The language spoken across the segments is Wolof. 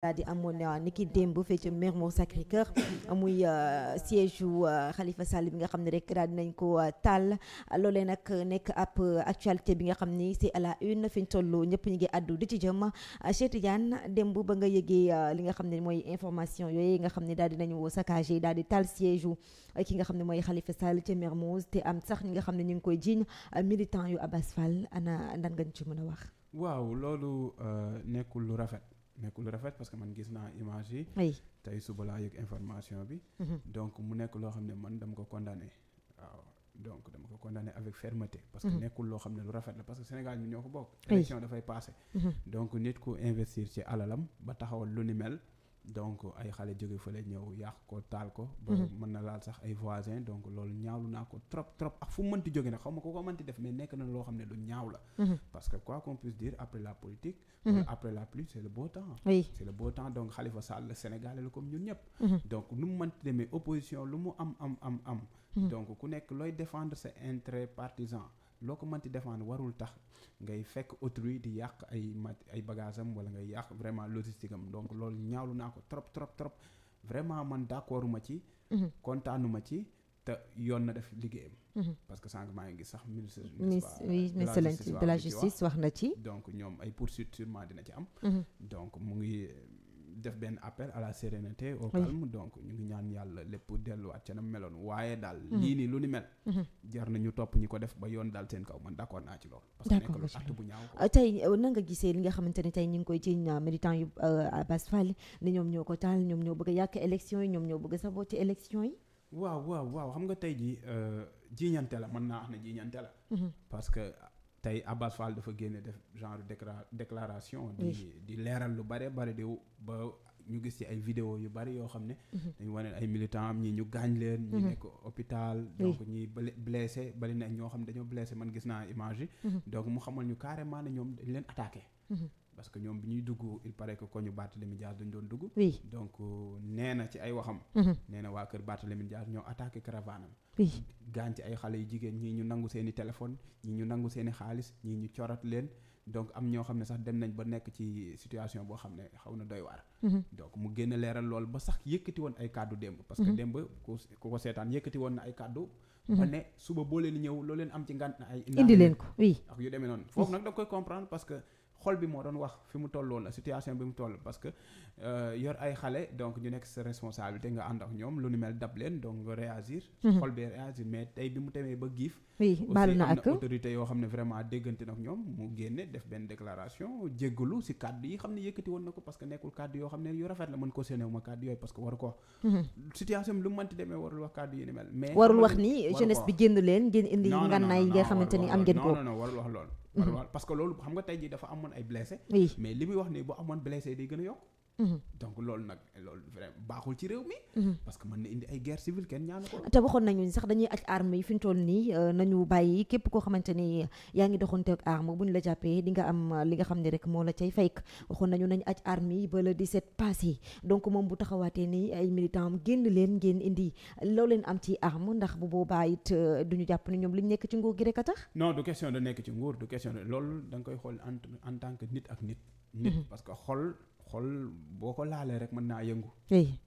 daal di amoon ni ki démb bu fee ca Mermoz Sacré-Cœur muy euh, siège u xalifa euh, Sall bi nga xam ne rek daal nañ ko euh, taal loolee nag nekk ab actualité bi nga xam ni c'est à la une fi ñu toll ñëpp ñu ngi addu di ci jëm Cheikh Tidiane démb ba nga yëgee li nga xam ne mooy information yooyu nga xam ne daal dinañu saccagé daal di taal siège u ki nga xam ne mooy Khalifa Sall ca Mermoz te am sax ñi nga xam ne ñu ngi koy jiiñ militant yu Abass Fall ana ndan nga ñu ci mën a wax waaw loolu nekkul lu rafet nekk lu rafet parce que man gis naa image yi. oui tey suba laa yëg information bi. Mhm. donc mu nekk loo xam ne man dama ko condamné waaw. donc dama ko condamné avec fermeté parce que mhm. nekkul loo xam ne lu rafet la parce que Sénégal ñu ñoo ko bokk élection dafay passé mhm. donc nit ku investir ci alalam ba taxawal lu ni mel donc ay xale jóge fële ñëw yàq ko taal ko. ba mhm. mën na laal sax ay voisins donc loolu ñaawlu naa ko trop trop ak fu mënti jóge nag xaw ma ko ko mënti def mais nekk na loo xam ne lu ñaaw la. Mhm. parce que quoi qu'on puisse dire après la politique. Mhm. après la pluie c'est le beau temps. c'est le beau temps donc Khalifa Sall le Sénégalais la comme ñun ñëpp. donc nu mu mënti demee opposition lu mu am am am donc ku nekk looy défendre ses intérêts partisans. loo ko mënti défendre warul tax ngay fekk autrui di yàq ay mat ay bagages am wala ngay yàq vraiment logistique am donc loolu ñaawlu naa ko trop trop trop vraiment man d'accordu ma ci. Mhm. kontaanu ma ci. te yoon na def liggéeyam. Mhm. parce que sànq maa ngi gis sax ministre. oui ministre de la justice wax na ci. donc ñoom ay poursuites sûrement dina ci am. Mhm. donc mu ngi def benn appel à la sérénité au calme donc ñu ngi ñaan yàlla lépp delluwaat ca na meloon waaye daal mhm. lii nii lu ni mel mhm. jar nañu topp ñi ko def ba yoon daal seen kaw man d'accord naa ci loolu parce que nekk lu acte bu ñaaw ah, euh, euh, euh, ko taal ñoom ñoo bëgg a yàq yi ñoom ñoo bëgg a sabooti élection yi waaw waaw waaw xam nga tey ji jiiñante la mën naa wax ne jiiñante la mhm. parce que tey Abbas Fall dafa génne def genre décla déclaration. di di leeral lu bare bare di ba ñu gis ci ay vidéo yu bari yoo xam ne. Mhm. dañu wane ay militants am ñii ñu gaañ leen. ñi mhm. nekk hôpital. donc ñi blessé bari na ñoo xam ne dañoo blessé man gis naa image mhm. donc mu xamal ñu carrément ne ñoom dañ leen attaqué. parce que ñoom bi ñuy dugg il paraît que ko ñu Barthélémy Dias doon dugg oui donc euh, nee ci ay waxam mhm. nee waa kër Barthélémy Dias ñoo attaqué caravane am gaañ ci ay xale yu jigéen ñii ñu nangu seen i téléphone ñii ñu nangu seen i xaalis ñii ñu corat leen donc am ñoo xam ne sax dem nañ ba nekk ci situation boo xam ne xaw na doy waar mhm. donc mu génn leeral lool ba sax yëkkati woon ay kàddu démb parce que mhm. démb ku ko seetaan yëkkati woon na ay kàddu ba xol bi moo doon wax fi mu tolloon la situation bi mu toll parce que Euh, yor ay xale donc ñu nekk sa responsabilité nga ànd ak ñoom lu ni mel dab leen donc nga réagir. Mhm. xol bee réagir mais tey bi mu demee ba giif. oui baal na ak autorité yoo xam ne vraiment déggante ñoom mu génne def benn déclaration jéggalu si kàddu yi xam ne yëkkati woon na ko parce nekkul kàddu yooyu parce que ko wax. Mhm. lu mu demee warul wax kàddu yi ni mel. mais warul wax ni jeunesse bi génn leen ngeen indi ngànnaay yi nga am ngeen ko. non Mhm. donc loolu nag loolu vraiment baaxul ci mhm. que mën na indi ay guerre civile kenn ñaanu ko. te waxoon nañu sax dañuy aj arme yi fi ñu toll nii euh, nañu bàyyi képp koo xamante ni yaa ngi doxante ak la jàppee di nga am euh, li nga xam ne rek moo la cay fayk waxoon nañu nañu aj arme yi ba le 17 passé donc moom bu taxawaatee nii ay militant génn leen ngeen indi loo leen am ci arme ndax bu boobaa it euh, duñu jàpp ne ñoom liñ nekk ci nguur gi rek a tax. non du question de nekk ci nguur du question de loolu da nga koy xool en en tant que nit ak nit. nit mhm. xol. xol boo ko laalee rek mën naa yëngu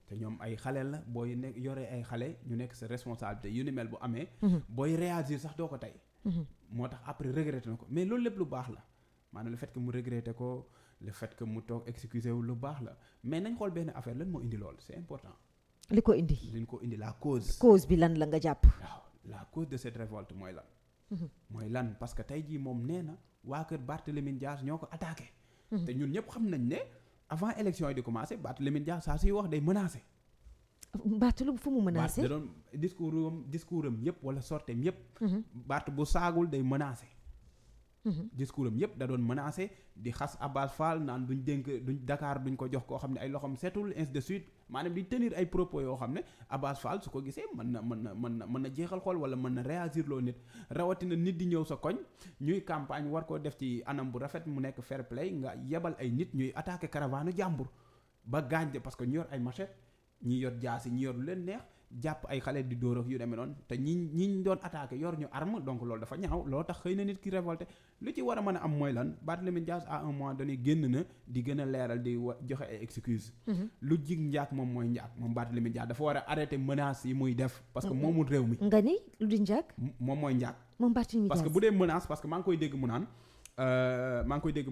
te ñoom ay xale la booy nekk yoree ay xale ñu nekk sa responsabilité yu ni mel bu amee mhm. booy réagir sax doo ko tey mhm. moo tax après regretté na ko mais loolu lépp lu baax la maanaam le fait que mu mu toog wu lu baax la mais nañ xool benn affaire lan moo indi lool c'est important li ko indi li ko indi la cause cause bi lan la nga jàpp waaw la cause de cette révolte mooy lan mhm. mooy lan parce que tey jii moom nee na waa kër Barthélémy Dias ñoo ko attaqué te ñun ñëpp avant élection yi di commencé baat Barthélémy Dias saa suy wax day menacé. lu fu mu menacé da doon discours am discours am yëpp wala sortem yëpp. Mhm. baat bu saagul day menacé. Mhm. discours am yëpp da doon menacé di xas Abbas Fall naan duñ dénk duñ Dakar duñ ko jox koo xam ne ay loxoom setul ainsi de suite maanaam di tenir ay propos yoo xam ne Abass Fall su ko gisee mën na mën na mën na mën na jeexal xool wala mën na réagir loo nit rawatina nit di ñëw sa koñ ñuy campagne war koo def ci anam bu rafet mu nekk fair play nga yebal ay nit ñuy attaquer caravane jàmbur ba gaañ de parce que ñu yor ay machette ñi yor jaasi ñi yor lu leen neex jàpp ay xale di dóor ak yu demee noonu te ñi ñi doon attaqué yor ñu arme donc loolu dafa ñaaw loo tax xëy na nit ki révolté lu ci war a mën a am mooy lan Barthélémy Dias à un moment donné génn na di gën a leeral di joxe ay excuse mhm. lu jig njaak moom mooy njaak moom Barthélémy Dias dafa war a arrêté menace yi muy def parce que mhm. moomul réew mi nga ni lu di njaak moom mooy njaak parce que bu dee menace parce que maa ngi koy dégg mu naan euh, maa ngi koy dégg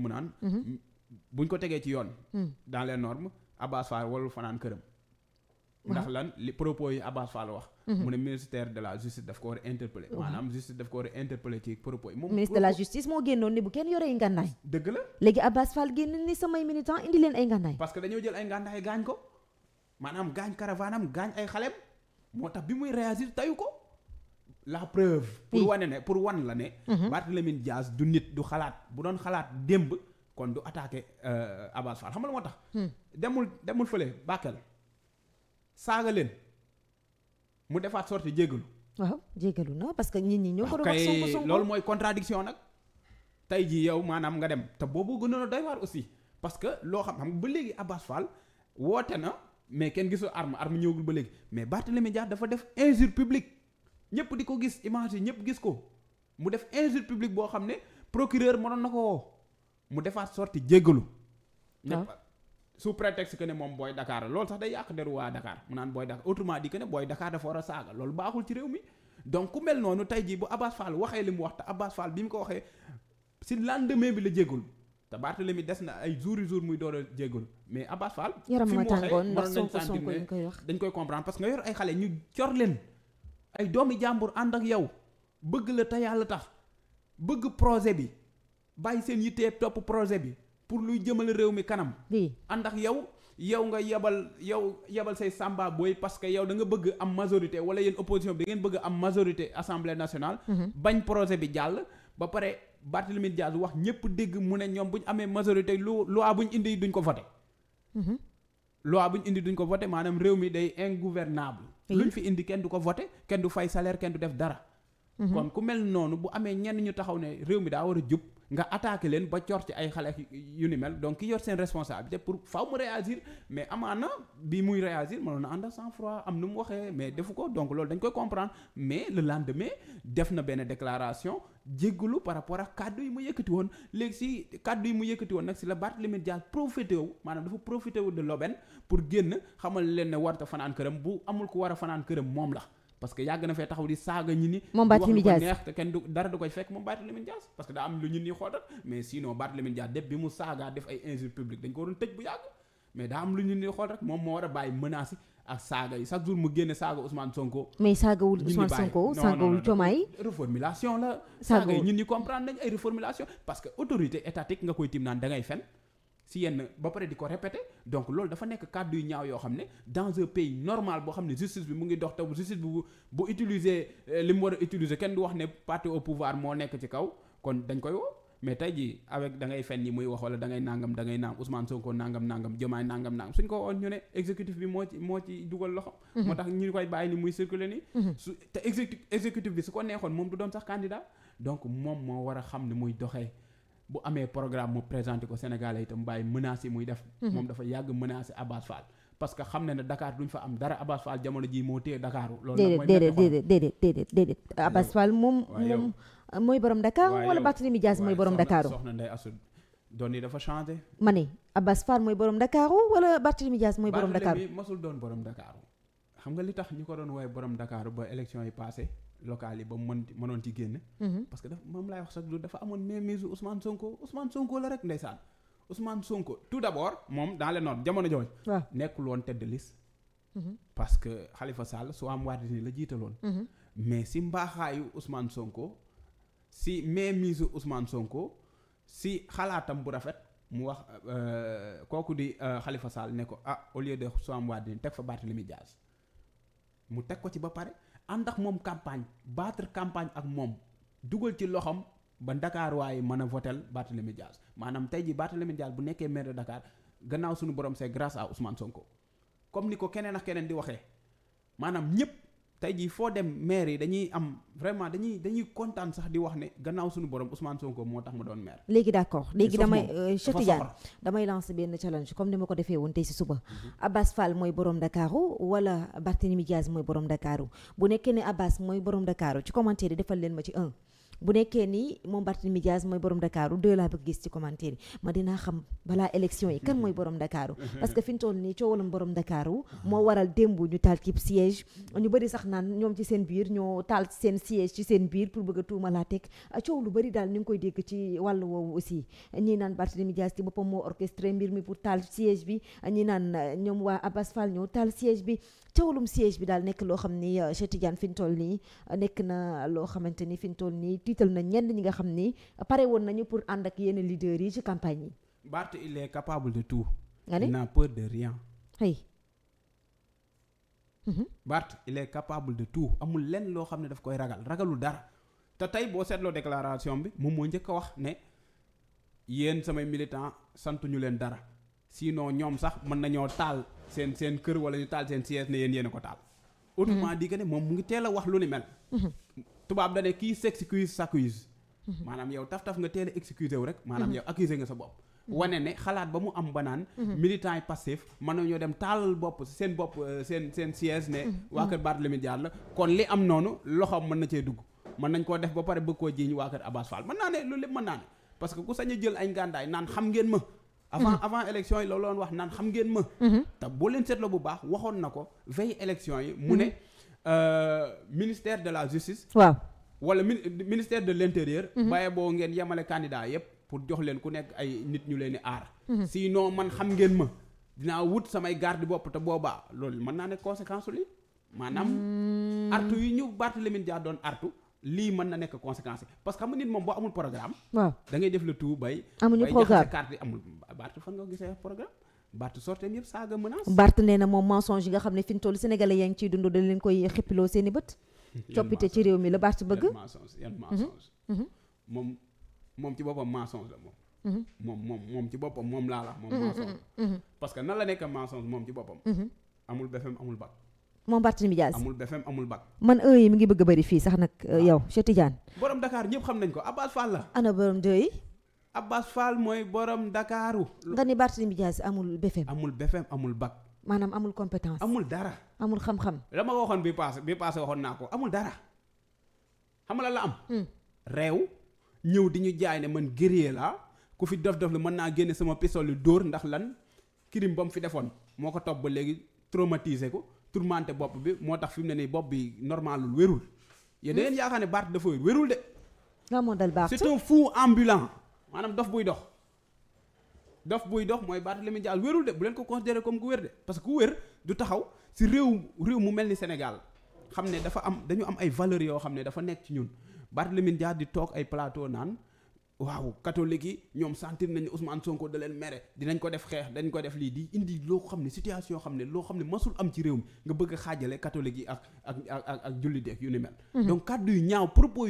ndax lan li propos yi Abass Fall wax. Mhm. mu ne ministère de la justice daf ko war a interpellé. maanaam justice daf ko war a interpellé ci propos yi. moom de la justice moo génnoon ni bu kenn yore ay ngàndaay. dëgg la léegi Abass Fall génn ni samay militant indi leen ay ngàndaay. parce que dañoo jël ay ngàndaay gaañ ko maanaam gaañ caravanam gaañ ay xalem moo tax bi muy réagir tayu ko. la preuve. pour wane ne pour wan la ne. Mhm. Barthélémy Dias du nit du xalaat bu doon xalaat démb kon du attaqué euh, Abass Fall xam nga moo tax. Hmm. demul demul fële Bakel. saaga leen mu defaat sorti jéggalu waaw jéggalu na parce que nit ñi ñoo ko doon wax Sonko Sonko loolu mooy contradiction nag tey jii yow maanaam nga dem te boobu gënoon a doy waar aussi parce que loo xam xam ba léegi Abbas Fall woote na mais kenn gisul arme arme ñëwagul ba léegi mais Barthélémy Dias dafa def injure publique ñëpp di ko gis image yi ñëpp gis ko mu def injure publique boo xam ne procureur mënoon na ko woo mu defaat sorti jéggalu sous prétexte que ne moom booy dakaar lool sax day yàq deru waa Dakar mu naan booy Dakar autrement ne booy Dakar dafa war a saaga loolu baaxul ci réew mi donc ku mel noonu tey jii bu Abass Fall waxee li mu wax te Abass Fall bi mu ko waxee si lendemain bi la jéggul te mi des na ay jour yu jours muy door a jéggul mais Abass Fall. yaram ma tàngoon ndax Sonko Sonko dañ koy wax dañ koy comprendre parce que nga yor ay xale ñu cor leen ay doomi jàmbur ànd ak yow bëgg la te yàlla tax bëgg projet bi bàyyi seen yittee topp projet bi. pour luy jëmal réew mi kanam. ànd ak yow yow nga yebal yow yebal say samba booy parce que yow da nga bëgg am majorité wala yéen opposition bi da ngeen bëgg am majorité assemblée nationale. Mhm. bañ projet bi jàll ba pare. Barthélemy Diaz wax ñëpp dégg mu ne ñoom bu ñu amee majorité lu loi bu ñu indi duñ ko voté. Mhm. loi bu ñu indi duñ ko voté maanaam réew mi day ingouvernable. luñ fi indi kenn du ko voté kenn du fay salaire kenn du def dara. Mhm. kon ku mel noonu bu amee ñenn ñu taxaw ne réew mi daa a jub nga attaqué leen ba cor ci ay xale yu ni mel donc ki yor seen responsabilité pour faw mu réagir mais amaana bi muy réagir mënoon na ànd sans froid am nu mu waxee mais defu ko donc loolu dañ koy comprendre mais le mais def na benn déclaration jéggalu par rapport ak kàddu yi mu yëkkati woon léegi si kàddu yi mu yëkkati woon nag si la Barthélémy Dias profité wu maanaam dafa profité wu de l'aubaine pour génn xamal leen ne warta fanaan këram bu amul ku war a fanaan këram moom la parce que yàgg na fee taxaw di saaga ñi ni moom Barthélémy Dias neex moom Barthélémy Dias parce que daa am lu ñun ñi xootal mais sinon Barthélémy Dias def bi mu saagaa def ay injure publique dañ ko waroon tëj bu yàgg mais daa am lu ñun ñi xool rek moom moo war a bàyyi menaces ak saaga yi chaque jour mu génne saaga Ousmane Sonko mais saagawul Ousmane Sonko saagawul Diomaye reformulation la saaga yi ñun ñi ay reformulation parce que autorité étatique nga koy tim naan ci yenn ba pare di ko répété donc loolu dafa nekk kàddu yu ñaaw yoo xam ne dans un pays normal boo xam ne justice bi mu ngi dox taw justice bu euh, kenn du wax ne parti au moo nekk ci kaw kon dañ koy woo mais tey jii avec da fen yi muy wax da ngay nangam da ngay nangam Ousmane Sonko nangam nangam Diomaye nangam nangam suñ ko woon ñu ne exécutif bi moo ci moo ci dugal loxo. Mhm. moo ñu koy bàyyi ni muy circuler ni mhm. su bi su ko moom du doon sax candidat donc moom moo war a xam ne muy doxee. bu amee programme mu présenté ko Sénégalais itam bàyyi menaces yi muy def. Mhm. moom dafa yàgg menacé Abass Fall. parce que xam na ne Dakar duñ fa am dara Abass Fall jamono moo téye Dakar. loolu nag mooy déedéet moom. Ah, mooy borom Dakar wala Barthélémy Dias mooy borom Dakar. soxna Ndeye Assou doon yi dafa changé. ma ne Abass Fall mooy borom Dakar wala Barthélémy Dias mooy borom Dakar. Barthélémy mosul doon borom Dakar xam nga li tax ñu ko doon woowee borom Dakar ba élection yi passé locales yi ba mu mën mënoon ci génn. Mhm. parce que dafa moom laay wax sax du dafa amoon mainmise Ousmane Sonko Ousmane Sonko la rek ndeysaan Ousmane Sonko tout d'abord moom dans le nord jamono jooju. waaw nekkul woon tête de liste. Mhm. parce que xalifa Sall su am waat la jiitaloon. Mhm. mais si mbaaxaayu usmaan Sonko si mainmise Ousmane Sonko si xalaatam bu rafet. mu wax euh, kooku di euh, Khalifa Sall ne ko ah au lieu de Soham Wardini teg fa Barthélémy Dias mu teg ko ci ba pare ànd ak moom campagne battre campagne ak moom dugal ci loxoom ba Dakar waaye mën a votel Barthélémy Dias maanaam tey jii Barthélémy Dias bu nekkee maire de Dakar gannaaw suñu borom c'est grâce à Ousmane Sonko comme ni ko keneen ak keneen di waxee maanaam ñëpp tey jii foo dem maire yi dañuy am vraiment dañuy dañuy kontaan sax di wax ne gannaaw suñu borom Ousmane Sonko moo tax ma doon maire. léegi d' accord léegi damay euh, Cheikh Tidiane damay lancer benn challenge comme ni ma ko defee woon tey si suba. Mhm. Abbas Fall mooy borom Dakaru wala Barthélémy Diaz mooy borom Dakaru bu nekkee ne Abbas mooy borom Dakaru ci commentaire yi defal leen ma ci un. bu nekkee ni moom Barthélémy Dias mooy borom Dakaaru deux laa bëgg gis ci commentaire ma dinaa xam balaa élection yi kan mooy borom Dakaaru mhm. parce que fi ñu toll nii coowalam borom Dakaaru mhm. moo waral démb ñu taal ci siège ñu bëri sax naan ñoom ci seen biir ñoo taal seen siège ci seen biir pour bëgg a tuuma lu bëri daal ñu ngi koy dégg ci wàll woowu aussi ñii naan Barthélémy Dias ci boppam moo orchestré mbir mi pour taal siège bi ñii naan euh, ñoom waa Abbas Fall ñoo taal siège bi coowlum siège bi daal nekk loo xam ni euh, Cheikh Tidiane fi ñu toll nii euh, nekk na loo xamante ni fi ñu toll nii tiital na ñenn ñi nga xam ni pare woon nañu pour ànd ak yenn leaders yi ci campagne yi. Barth il est capable de tout. nga ne n'a peur de rien. ay. Mm-hmm. Barth il est capable de tout amul lenn loo xam ne daf koy ragal ragalul dara te tey boo seetloo déclaration bi moom moo njëkk a wax ne yéen samay militants santuñu leen dara sinon ñoom sax mën nañoo taal seen seen kër wala ñu taal seen siège ne yéen yéen a ko taal. autrement hmm. dit que ne moom mu ngi teel a wax lu ni mel hmm. tubaab dane kii s'excuse s'accuse hmm. maanaam yow taf-taf nga teel a wu rek maanaam yow accuse nga sa bopp wane ne xalaat ba mu am ba naan militant yi passif mën nañoo dem taalal bopp seen bopp euh, seen seen siège ne waa kër Barthélémy Dias la kon li am noonu loxoom mën na cee dugg mën nañ koo def ba pare bëgg koo jiiñ waa kër Abass Fall mën naa ne loolu lépp mën naa ne parce ku sañ a jël ay ngàndaay naan xam ngeen ma avant mhm. avant élection yi loolu la doon wax naan xam ngeen ma mhm. te boo leen seetloo bu baax waxoon na ko veille élection yi mu ne mhm. euh, ministère de la justice waaw wala ministère de l'intérieur bàyyi boo ngeen yemale candidat yépp pour jox leen ku nekk ay nit ñu leen di aar si sinon man xam ngeen ma dinaa wut samay garde bopp te booba loolu mën naa ne conséquence li maanaam mm. artu yi ñu Barthélémy Dias doon artu lii man na nekk conséquence parce que xam nga nit moom boo amul programme. waaw da ngay def le tout bay. amuñu programme bay carte yi amul Barth fan nga gisee programme. Barth sorteem yëpp saaga menace. Barth nee na moom mensonge nga xam ne fi mu toll Sénégalais yaa ngi ciy leen koy xippiloo seen i bët. coppite ci réew mi la Barth bëgg. moom moom ci boppam moom. laa la moom mhm, mensonge. Mhm, mhm. parce que na la nekk mensonge moom ci boppam. amul BFM amul bac. moom Barthélémy Dias amul BFM amul bac man heure yi ngi bëgg a bëri fii sax nag ah. yow Cheikh Tidiane borom Dakar ñëpp xam nañ ko Abbas Fall la ana borom deux yi Abbas Fall mooy borom Dakaru nga ni Barthélémy Dias amul BFM amul BFM amul bac maanaam amul compétence amul dara amul xam-xam waxoon bi passé bi passé waxoon naa ko amul dara xam la am hmm. réew ñëw di ñu jaay ne man guerrier la ku fi dof dof lu mën naa génne sama pistol yu dóor ndax lan crime ba mu fi defoon moo ko topp ba léegi traumatisé ko tourmenté bopp bi moo tax fi mu ne nii bopp bi normalul wérul yéen da ngeen yaakaar ne Barth dafa wérul de. nga moo dal Barth c'est un fou ambulant maanaam dof buy dox. dof buy dox mooy Barthélémy Dias wérul de bu leen ko considéré comme ku wér de parce que ku wér du taxaw si réew réew mu mel ni Sénégal xam ne dafa am dañu am ay valeurs yoo xam ne dafa nekk ci ñun Barthélémy Dias di toog ay plateau naan. waaw catholique yi ñoom sentir nañ ne Ousmane Sonko da leen mere dinañ ko def xeex dañ ko def lii di indi loo xam ne situation xam ne loo xam ne masul am ci réew mi nga bëgg xaajale catholique yi ak ak ak ak jullit ak yu ni mel. Mhm. donc kàddu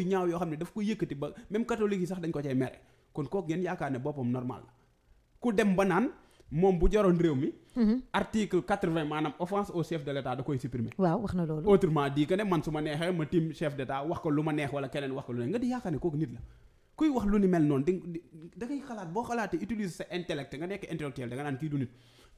ñaaw yoo xam ne daf ko yëkkati ba même catholique yi sax dañ ko cay mere kon kooku ngeen yaakaar ne boppam normal la ku dem ba naan moom bu jaroon réew mi. Mhm. article quatre-vingt maanaam offense au chef de l'État da koy supprimer. waaw wax na loolu. autrement dit que ne man su ma neexee la. kuy wax lu ni mel noonu di da ngay xalaat boo xalaatee utiliser sa intellect nga nekk intellectuel da nga naan kii du nit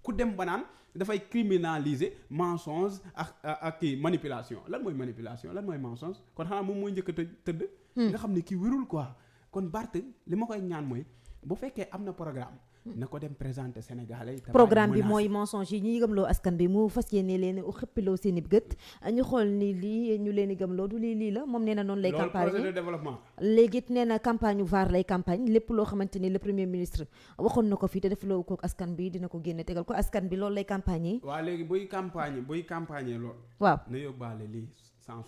ku dem ba naan dafay criminaliser mensonge ak ak kii manipulation lan mooy manipulation lan mooy mensonge kon xanaa moom mooy jëkk a tëdd. Hmm. nga xam ne kii wérul quoi kon Barth li ma koy ñaan mooy bu fekkee am na programme. na ko dem présenter sénégalais programme bi mooy mensonge yi ñu ñuy gëmloo askan bi mu fas yéene leen u xëppiloo seen i gët ñu xool ni lii ñu leen i loo du lii lii la moom nee na noonu lay campagne développement léegi it nee na campagne u vaar lay campagne lépp loo xamante ni le premier ministre waxoon na ko fii te defloo ko askan bi dina ko génne tegal ko askan bi loolu lay campagne yi waaw léegi buy campagne buy campagne loolu waaw na yóbbaale bi xam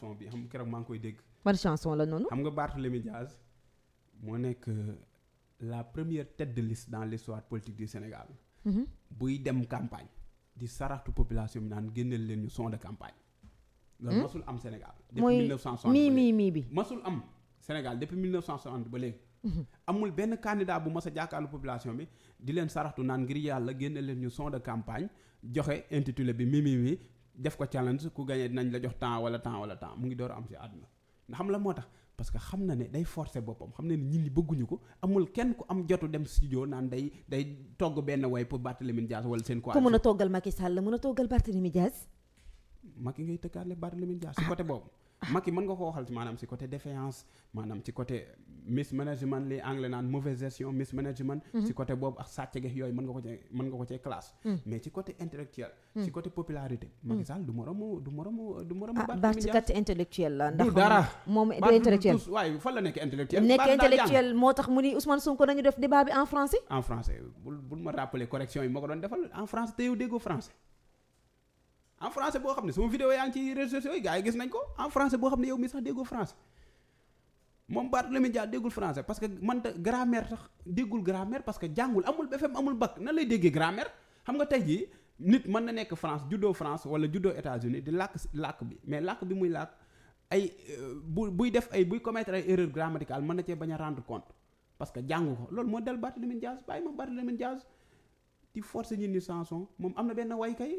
keroog maa ngi koy dégg ban chanson la noonu xam nga Barthélémy Diaz moo nekk la première tête de liste dans l'histoire politique du Sénégal mhm. buy dem campagne di saraxtu population bi naan génneel leen ñu son de campagne loolu hmm? masul am Sénégal depuis 1960 mii mii mii bi masul am Sénégal depuis 1960 ba léegi mhm. amul benn candidat bu mas a jàkkaarlu population bi di leen saraxtu naan ngir yàlla génne leen ñu son de campagne joxe intitulé bi mi mi mi def ko challenge ku gagné dinañ la jox temps wala temps wala temps mu ngi door am si àdduna ndax xam la moo tax parce que xam na ne day forcer boppam xam na ne nit ñi bëgguñu ko amul kenn ku am jotu dem studio naan day day togg benn way pour Barthélémy Dias wala seen. ko mën a toggal Macky Sall mën a toggal Barthélémy Dias. Macky ngay tëkkaale Barthélémy Dias si côté boobu. Macky mën nga ko waxal ci maanaam ci côté défaillance maanaam ci anglais naan mauvaise gestion mismanagement mm-hmm. ci côté boobu ak sàccgex yooyu mën nga ko cee mën nga ko cee classe mm. mais ci côté intellectuel mm. ci côté popularité Macky mm. Sall du moromu du moromu du moromu ah, baaxkat intellectuel la ndax moom intellectuel waaye fan la moo tax mu ni Ousmane Sonko nañu def débat bi en français en français bul bul ma rappeler correction yi ma ko doon defal en français te yow en français boo xam ne sama vidéo yaa ngi ci réseaux sociaux yi yi gis nañ ko en français boo xam ne yow mi sax déggoo français moom Barthélémy Dias déggul français parce que man ta grammaire sax déggul grammaire parce que jàngul amul BFEM amul bac nan lay déggee grammaire xam nga tey jii nit mën na nekk France juddoo France wala juddoo États-Unis di làkk làkk bi mais làkk bi muy làkk ay euh, bu buy def ay buy commettre ay erreur grammaticale mën na cee bañ a rendre compte parce que jàngu ko loolu moo dal Barthélémy Dias bàyyi ma Barthélémy Dias di forcer ñun ñu chanson moom am na benn waykay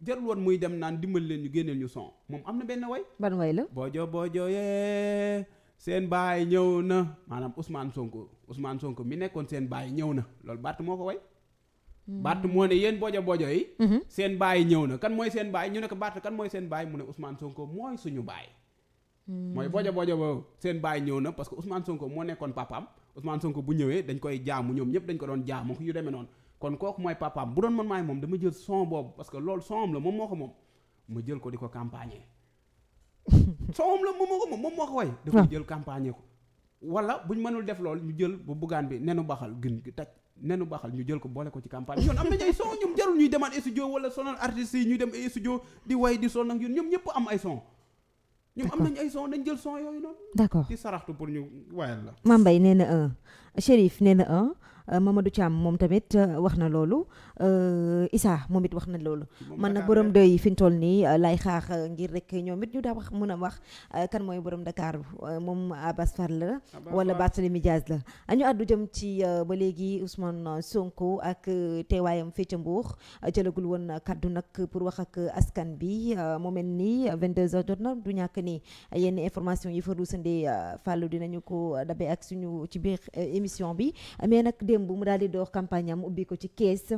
jarul woon muy dem naan dimbal leen ñu génneel ñu son moom am na benn way. ban way la. bojo bojo yee seen baay ñëw na maanaam Ousmane Sonko Ousmane Sonko mi nekkoon seen baay ñëw na loolu Bart moo ko way. Hmm. Bart moo yéen bojo bojo yi. Mm-hmm. seen baay ñëw na kan mooy seen baay ñu ne ko Bart kan mooy seen baay mu ne Ousmane Sonko mooy suñu baay. Hmm. mooy bojo bojo ba seen baay ñëw na parce que Ousmane Sonko moo nekkoon papaam Ousmane Sonko bu ñëwee dañ koy jaamu ñoom ñëpp dañ ko doon jaamu ñu deme noonu. kon kooku mooy papaam bu doon man maay moom dama jël son boobu parce que loolu son am la moo ko moom ma jël ko di ko campagne son am la moom moo ko moom moom moo ko ah. jël campagne ko wala bu ñu mënul def loolu ñu jël bu buggaan bi nenu baxal gën taj nenu baxal ñu jël ko boole ko ci campagne yoon am nañ ay son ñoom jarul ñuy demaat studio wala sonal artistes yi ñuy dem ay studio di way di ñëpp ay son ñoom am nañ ay son dañ jël son yooyu noonu d'accord di saraxtu pour ñu wayal la Mame Mbaye nee na un Chérif Euh, Mamadou Thiam moom tamit euh, wax na loolu euh, Issa moom it wax na loolu man na borom dëy fi ñu toll nii lay xaar ngir rek ñoom it ñu daa wax mën a wax kan mooy borom Dakar moom Abass Fall la wala Barthélémy Dias la ñu àddu jëm ci ba léegi Ousmane Sonko ak teewaayam fii ca Mbour jëlagul woon kaddu nag pour wax ak askan bi moo mel nii 22h jot na du ñàkk nii yenn information yi fa ruusandee Fallou dinañu ko dabe ak suñu ci biir émission bi mais nag démb mu daal di door campagne ubbi ko ci Kees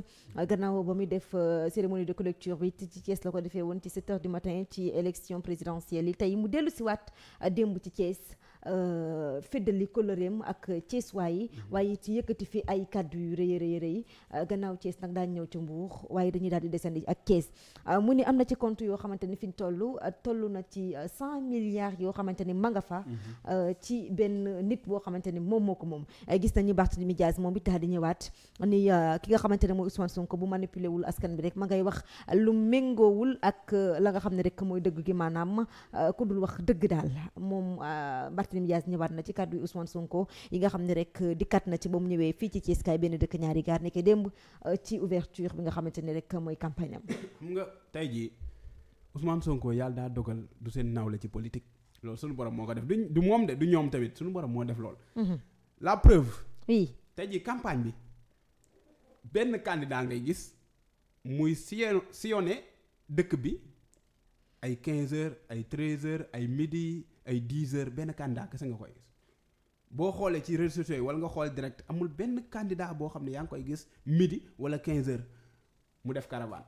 gannaaw ba muy def euh, cérémonie de clôture bi ci Kees la ko defee woon ci 7 du matin ci élection présidentielle yi mu dellu si waat euh, démb ci Kees Euh, feddali kóllëreem ak Thiès waayi mhm. waaye it yëkkati fi ay kàddu yu rëy rëy rëy euh, gannaaw cees nag daañu ñëw ci mbuux waaye dañuy daal di desandi ak Thiès euh, mu ni am na ci compte yoo xamante ni fi ñu toll toll na ci cent milliards yoo xamante ni ma nga fa mhm. ci benn nit boo xamante ni moom moo ko moom gis nañu Barthélémy Dias moom it daal di ñëwaat ni ki nga xamante ne mooy Ousmane Sonko bu manipulé wul askan bi rek ma ngay wax lu méngoowul ak la nga xam ne rek mooy dëgg gi maanaam ku dul wax dëgg daal Barthélémy Dias ñëwaat na ci kàddu yi Ousmane Sonko yi nga xam ne rek dikkat na ci ba mu ñëwee fii ci Thiès kaay benn dëkk ñaari gaar nekk démb euh, ci ouverture bi nga xamante ne rek mooy campagne am. xam nga tey jii Ousmane Sonko yàlla daa dogal du seen nawle ci politique loolu suñu borom moo ko def du moom de du ñoom tamit suñu borom moo def lool. Mhm. la preuve. oui tey jii campagne bi benn candidat ngay gis muy sillonné dëkk bi. ay 15 heures ay 13 ay midi ay 10 heures benn candidat kese nga koy gis boo xoolee ci réseaux sociaux yi wala nga xool direct amul benn candidat boo xam ne yaa ngi koy gis midi wala 15 heures mu def caravane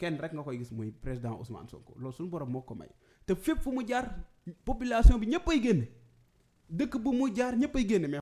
kenn rek nga koy gis muy président Ousmane Sonko loolu suñ borom moo ko may te fépp fu mu jaar population bi ñëpp ay génn dëkk bu mu jaar ñëpp ay génn